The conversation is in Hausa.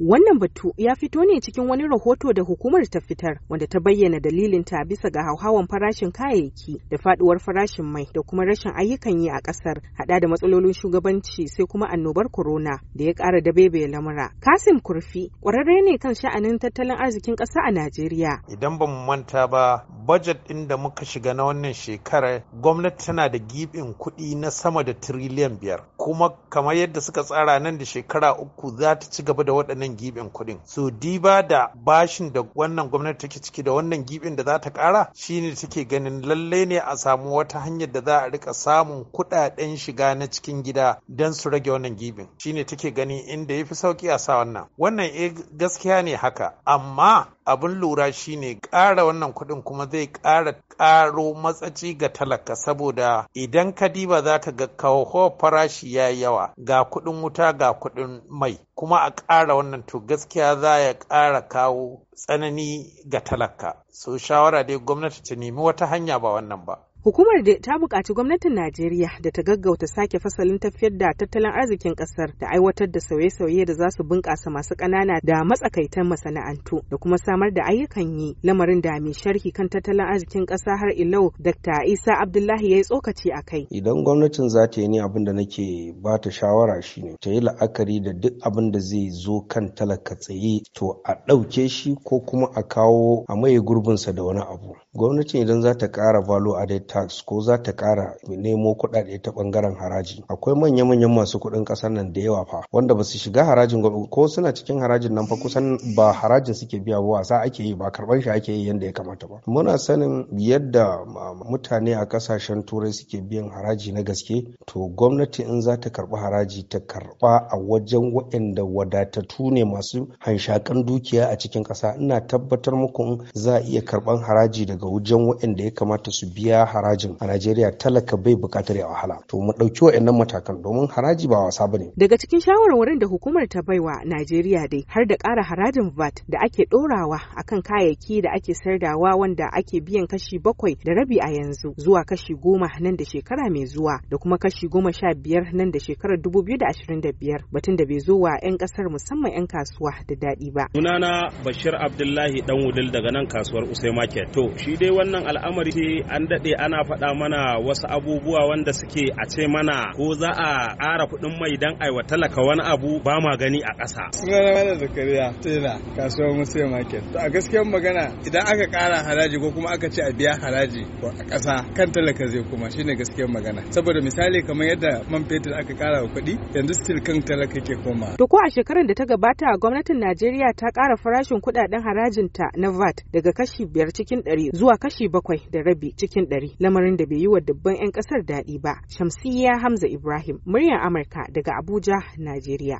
Wannan batu ya fito ne cikin wani rahoto da hukumar ta fitar wanda ta bayyana dalilin ta bisa ga hauhawan farashin kayayyaki da faduwar farashin mai da kuma rashin ayyukan yi a kasar hada da matsalolin shugabanci sai kuma annobar corona da ya kara da bebe lamura. Kasim Kurfi ƙwararre ne kan sha'anin tattalin arzikin ƙasa a Najeriya. Idan ba manta ba bajet ɗin da muka shiga na wannan shekarar gwamnati tana da gibin kuɗi na sama da tiriliyan biyar kuma kamar yadda suka tsara nan da shekara uku za ta ci gaba da waɗannan wannan gibin kuɗin so diba da bashin da wannan gwamnati take ciki da wannan gibin da za ta ƙara shine take ganin lallai ne a samu wata hanyar da za a rika samun kuɗaɗen shiga na cikin gida don su rage wannan gibin shine take gani inda ya fi sauki a sa wannan wannan eh gaskiya ne haka amma abin lura shine ƙara wannan kuɗin kuma zai ƙara ƙaro matsaci ga talaka saboda idan ka diba za ka ga kawo farashi ya yawa ga kuɗin wuta ga kuɗin mai kuma a ƙara wannan to gaskiya za ya ƙara kawo tsanani ga talaka so shawara dai gwamnati ta nemi wata hanya ba wannan ba Hukumar da ta bukaci gwamnatin Najeriya da ta gaggauta sake fasalin tafiyar da tattalin arzikin ƙasar da aiwatar da sauye-sauye da za su bunƙasa masu ƙanana da matsakaitan masana'antu da kuma samar da ayyukan yi lamarin da mai sharhi kan tattalin arzikin ƙasa har ilau Dr. Isa Abdullahi ya yi tsokaci a kai. Idan gwamnatin za ta yi ni abin da nake ba ta shawara ne, ta yi la'akari da duk abin da zai zo kan talaka tsaye to a ɗauke shi ko kuma a kawo a maye gurbinsa da wani abu. Gwamnatin idan za ta ƙara valo a tax ko za ta ƙara nemo kuɗaɗe ta ɓangaren haraji akwai manya-manyan masu kuɗin ƙasar nan da yawa fa wanda ba su shiga harajin ko suna cikin harajin nan fa kusan ba harajin suke biya ba wasa ake yi ba karɓar shi ake yi yadda ya kamata ba muna sanin yadda mutane a ƙasashen turai suke biyan haraji na gaske to gwamnati in za ta karɓi haraji ta karɓa a wajen waɗanda wadatattu ne masu hanshakan dukiya a cikin ƙasa ina tabbatar muku za a iya karɓan haraji daga wajen waɗanda ya kamata su biya harajin a Najeriya talaka bai bukatar ya wahala to mu ɗauki wa'annan matakan domin haraji ba wasa bane daga cikin shawarwarin da hukumar ta baiwa Najeriya dai har da ƙara harajin VAT da ake ɗorawa akan kayayyaki da ake sayarwa wanda ake biyan kashi bakwai da rabi a yanzu zuwa kashi goma nan da shekara mai zuwa da kuma kashi goma sha biyar nan da shekarar dubu biyu da ashirin da biyar batun da bai zo wa 'yan ƙasar musamman 'yan kasuwa da daɗi ba. Sunana Bashir Abdullahi Danwudil daga nan kasuwar Usai Market. To shi dai wannan al'amari an daɗe ana faɗa mana wasu abubuwa wanda suke a ce mana ko za a ƙara kuɗin mai don aiwa talaka wani abu ba ma gani a ƙasa. Sunana mana zakariya tela kasuwar musayi market. To a gaskiyar magana idan aka ƙara haraji ko kuma aka ce a biya haraji a ƙasa kan talaka zai kuma shine gaskiyar magana. Saboda misali kamar yadda man fetur aka ƙara wa kuɗi yanzu still kan talaka ke koma. To ko a shekarar da ta gabata gwamnatin Najeriya ta ƙara farashin kuɗaɗen harajinta na VAT daga kashi biyar cikin ɗari zuwa kashi bakwai da rabi cikin ɗari. lamarin da bai yi wa dubban 'yan kasar daɗi ba. Shamsiyya Hamza Ibrahim, muryar Amurka daga Abuja, Najeriya.